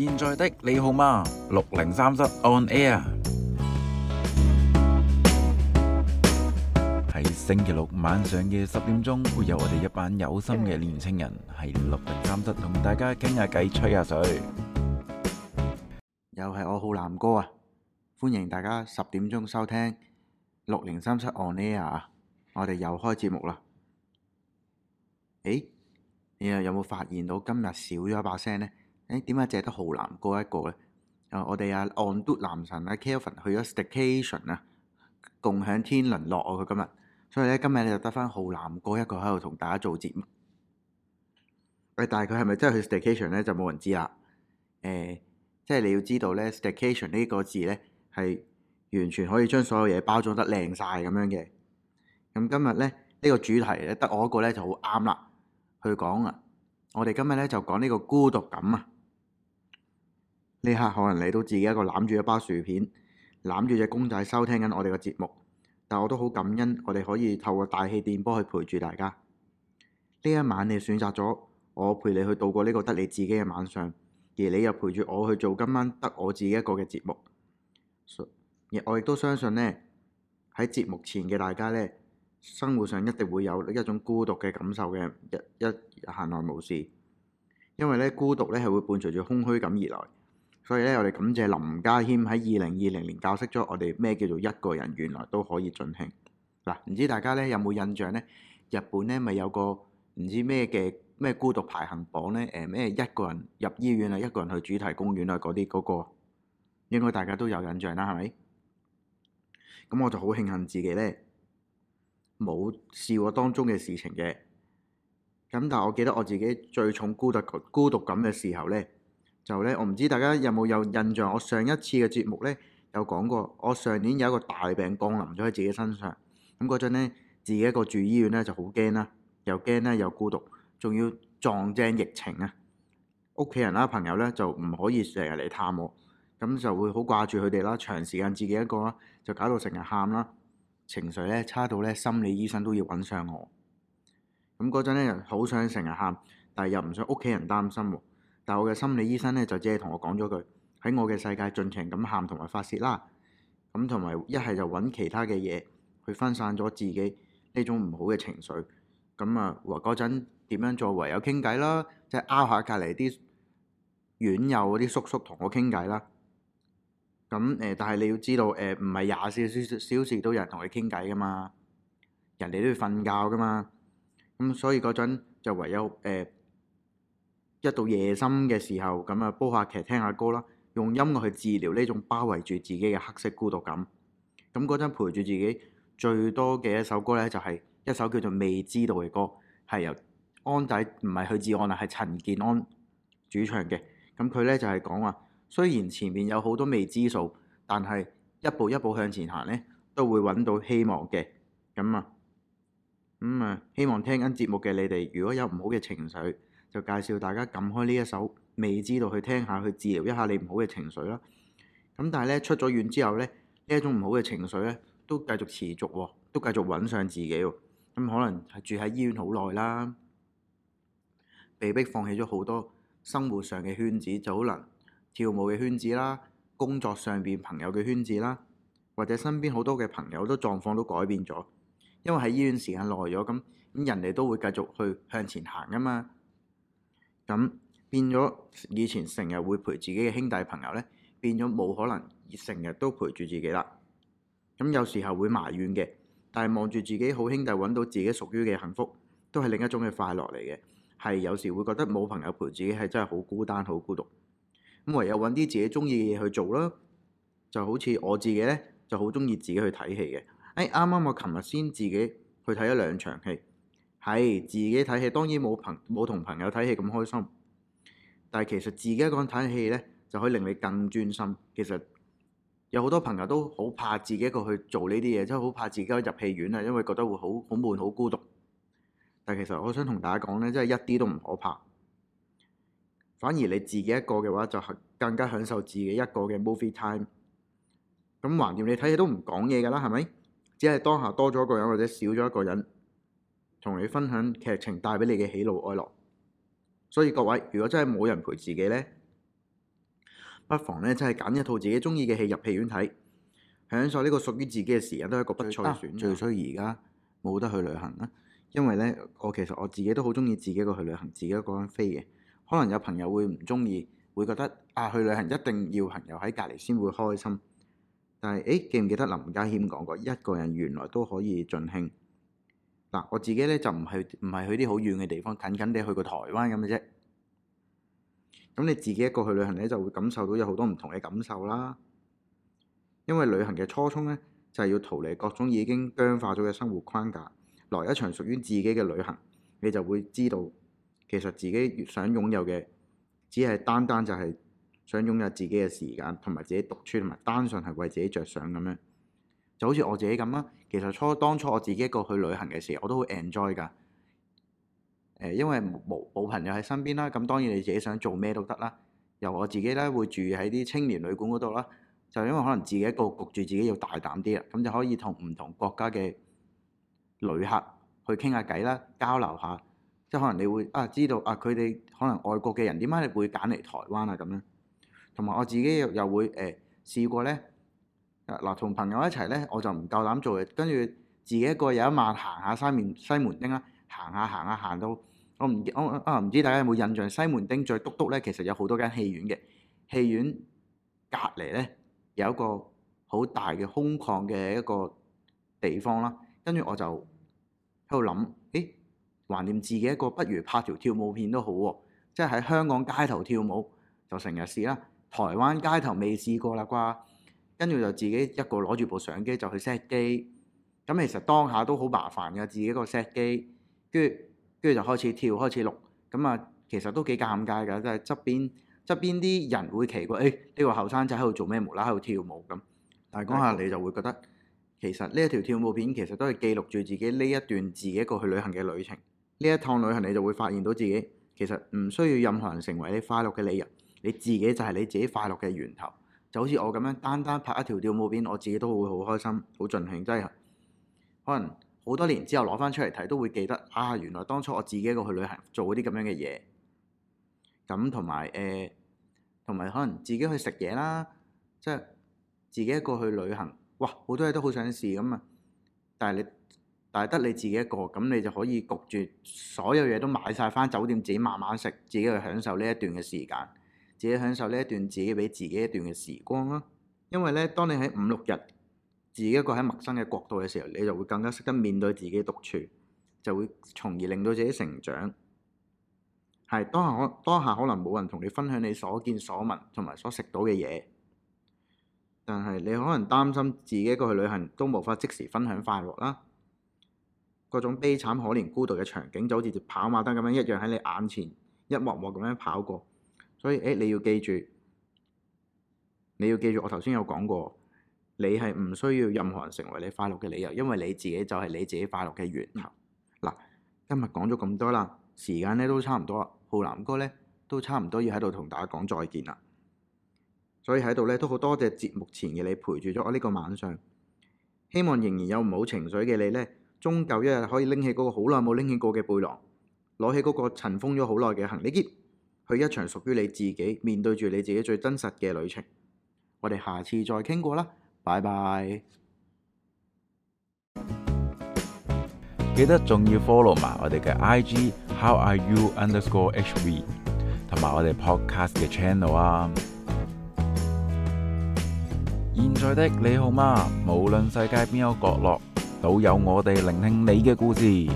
現在的你好嗎？六零三室 on air 喺星期六晚上嘅十點鐘，會有我哋一班有心嘅年青人係六零三室同大家傾下偈，吹下水。又係我浩南哥啊！歡迎大家十點鐘收聽六零三室 on air，我哋又開節目啦。誒，你又有冇發現到今日少咗一把聲呢？誒點解淨係得浩南哥一個咧？啊，我哋啊 on do 男神啊 Kelvin 去咗 staycation 啊，共享天倫樂啊佢今日，所以咧今日咧就得翻浩南哥一個喺度同大家做節目。誒，但係佢係咪真係去 staycation 咧就冇人知啦。誒，即係你要知道咧 staycation 呢 St 個字咧係完全可以將所有嘢包裝得靚晒咁樣嘅。咁、嗯、今日咧呢、呢個主題咧得我一個咧就好啱啦，去講啊。我哋今日咧就講呢個孤獨感啊。呢刻可能你都自己一個攬住一包薯片，攬住隻公仔，收聽緊我哋嘅節目。但我都好感恩，我哋可以透過大氣電波去陪住大家呢一晚。你選擇咗我陪你去度過呢個得你自己嘅晚上，而你又陪住我去做今晚得我自己一個嘅節目。So, 而我亦都相信呢，喺節目前嘅大家呢，生活上一定會有一種孤獨嘅感受嘅一一閒來無事，因為呢孤獨呢係會伴隨住空虛感而來。所以咧，我哋感謝林家謙喺二零二零年教識咗我哋咩叫做一個人原來都可以盡興嗱。唔知大家咧有冇印象咧？日本咧咪有個唔知咩嘅咩孤獨排行榜咧？誒咩一個人入醫院啊，一個人去主題公園啊，嗰啲嗰個應該大家都有印象啦，係咪？咁我就好慶幸自己咧冇試過當中嘅事情嘅。咁但係我記得我自己最重孤獨孤獨感嘅時候咧。就咧，我唔知大家有冇有印象？我上一次嘅節目咧，有講過。我上年有一個大病降臨咗喺自己身上，咁嗰陣咧，自己一個住醫院咧就好驚啦，又驚咧又孤獨，仲要撞正疫情啊！屋企人啦、朋友咧就唔可以成日嚟探我，咁就會好掛住佢哋啦。長時間自己一個啦，就搞到成日喊啦，情緒咧差到咧心理醫生都要揾上我。咁嗰陣咧，好想成日喊，但係又唔想屋企人擔心。但係我嘅心理醫生咧，就只係同我講咗句，喺我嘅世界盡情咁喊同埋發泄啦，咁同埋一係就揾其他嘅嘢去分散咗自己呢種唔好嘅情緒。咁、嗯、啊，話嗰陣點樣做？唯有傾偈啦，即係拗下隔離啲院友嗰啲叔叔同我傾偈啦。咁、嗯、誒、呃，但係你要知道誒，唔係廿四小時都有人同佢傾偈噶嘛，人哋都要瞓覺噶嘛。咁、嗯、所以嗰陣就唯有誒。呃一到夜深嘅時候，咁啊煲下劇聽下歌啦，用音樂去治療呢種包圍住自己嘅黑色孤獨感。咁嗰陣陪住自己最多嘅一首歌咧，就係一首叫做《未知道》嘅歌，係由安仔唔係許志安啊，係陳健安主唱嘅。咁佢咧就係講話，雖然前面有好多未知數，但係一步一步向前行咧，都會揾到希望嘅。咁啊～咁啊、嗯，希望聽緊節目嘅你哋，如果有唔好嘅情緒，就介紹大家撳開呢一首，未知道去聽下，去治療一下你唔好嘅情緒啦。咁、嗯、但係咧，出咗院之後咧，呢一種唔好嘅情緒咧，都繼續持續喎、哦，都繼續揾上自己喎、哦。咁、嗯、可能係住喺醫院好耐啦，被逼放棄咗好多生活上嘅圈子，就好似跳舞嘅圈子啦、工作上面朋友嘅圈子啦，或者身邊好多嘅朋友都狀況都改變咗。因為喺醫院時間耐咗咁，咁人哋都會繼續去向前行噶嘛，咁變咗以前成日會陪自己嘅兄弟朋友咧，變咗冇可能成日都陪住自己啦。咁有時候會埋怨嘅，但係望住自己好兄弟揾到自己屬於嘅幸福，都係另一種嘅快樂嚟嘅。係有時會覺得冇朋友陪自己係真係好孤單、好孤獨。咁唯有揾啲自己鍾意嘅嘢去做啦，就好似我自己咧就好鍾意自己去睇戲嘅。誒，啱啱我琴日先自己去睇咗兩場戲，係自己睇戲當然冇朋冇同朋友睇戲咁開心，但係其實自己一個人睇戲咧就可以令你更專心。其實有好多朋友都好怕自己一個去做呢啲嘢，即係好怕自己一入戲院啦，因為覺得會好好悶、好孤獨。但其實我想同大家講咧，真係一啲都唔可怕，反而你自己一個嘅話就係更加享受自己一個嘅 movie time。咁橫掂你睇戲都唔講嘢㗎啦，係咪？只係當下多咗一個人或者少咗一個人，同你分享劇情帶畀你嘅喜怒哀樂。所以各位，如果真係冇人陪自己咧，不妨咧真係揀一套自己鍾意嘅戲入戲院睇，享受呢個屬於自己嘅時間都係一個不錯嘅選擇，啊。最衰而家冇得去旅行啦，因為咧我其實我自己都好鍾意自己一個去旅行，自己一個人飛嘅。可能有朋友會唔鍾意，會覺得啊去旅行一定要朋友喺隔離先會開心。但係，誒、哎、記唔記得林家謙講過，一個人原來都可以盡興。嗱、啊，我自己咧就唔係唔係去啲好遠嘅地方，近近地去過台灣咁嘅啫。咁你自己一個去旅行咧，就會感受到有好多唔同嘅感受啦。因為旅行嘅初衷咧，就係、是、要逃離各種已經僵化咗嘅生活框架，來一場屬於自己嘅旅行。你就會知道，其實自己想擁有嘅，只係單單就係、是。想擁有自己嘅時間，同埋自己獨處，同埋單純係為自己着想咁樣，就好似我自己咁啦。其實初當初我自己一個去旅行嘅時候，我都會 enjoy 噶。因為冇冇朋友喺身邊啦，咁當然你自己想做咩都得啦。由我自己咧會住喺啲青年旅館嗰度啦，就因為可能自己一個焗住自己要大膽啲啦，咁就可以同唔同國家嘅旅客去傾下偈啦，交流下，即係可能你會啊知道啊佢哋可能外國嘅人點解你會揀嚟台灣啊咁樣。同埋我自己又又會誒、欸、試過咧，嗱同朋友一齊咧我就唔夠膽做嘅，跟住自己一個有一晚行下西面西門丁啦，行下行下行到我唔我啊唔知大家有冇印象西門町再督督咧，其實有好多間戲院嘅戲院隔離咧有一個好大嘅空曠嘅一個地方啦，跟住我就喺度諗，誒橫掂自己一個，不如拍條跳舞片都好喎、啊，即係喺香港街頭跳舞就成日試啦，台灣街頭未試過啦啩，跟住就自己一個攞住部相機就去 set 機，咁其實當下都好麻煩㗎，自己一個 set 機，跟住跟住就開始跳開始錄，咁啊其實都幾尷尬㗎，即係側邊側邊啲人會奇怪，誒呢個後生仔喺度做咩無啦啦喺度跳舞咁，但係嗰下你就會覺得，其實呢一條跳舞片其實都係記錄住自己呢一段自己一個去旅行嘅旅程，呢一趟旅行你就會發現到自己其實唔需要任何人成為你快樂嘅理由。你自己就係你自己快樂嘅源頭，就好似我咁樣，單單拍一條跳舞片，我自己都會好開心，好盡興。真係可能好多年之後攞翻出嚟睇，都會記得啊。原來當初我自己一個去旅行，做啲咁樣嘅嘢，咁同埋誒，同埋、呃、可能自己去食嘢啦，即係自己一個去旅行，哇！好多嘢都好想試咁啊。但係你但係得你自己一個，咁你就可以焗住所有嘢都買晒翻酒店，自己慢慢食，自己去享受呢一段嘅時間。自己享受呢一段自己畀自己一段嘅時光啦，因為咧，當你喺五六日自己一個喺陌生嘅國度嘅時候，你就會更加識得面對自己獨處，就會從而令到自己成長。係當下當下可能冇人同你分享你所見所聞同埋所食到嘅嘢，但係你可能擔心自己一個去旅行都無法即時分享快樂啦，各種悲慘可憐孤獨嘅場景就好似隻跑馬燈咁樣一樣，喺你眼前一幕幕咁樣跑過。所以，誒、欸、你要記住，你要記住，我頭先有講過，你係唔需要任何人成為你快樂嘅理由，因為你自己就係你自己快樂嘅源頭。嗱，今日講咗咁多啦，時間咧都差唔多啦。浩南哥咧都差唔多要喺度同大家講再見啦。所以喺度咧都好多謝節目前嘅你陪住咗我呢個晚上。希望仍然有唔好情緒嘅你咧，終究一日可以拎起嗰個好耐冇拎起過嘅背囊，攞起嗰個塵封咗好耐嘅行李喼。去一場屬於你自己、面對住你自己最真實嘅旅程。我哋下次再傾過啦，拜拜！記得仲要 follow 埋我哋嘅 IG How Are You Underscore H V，同埋我哋 Podcast 嘅 channel 啊！現在的你好嗎？無論世界邊個角落，都有我哋聆聽你嘅故事。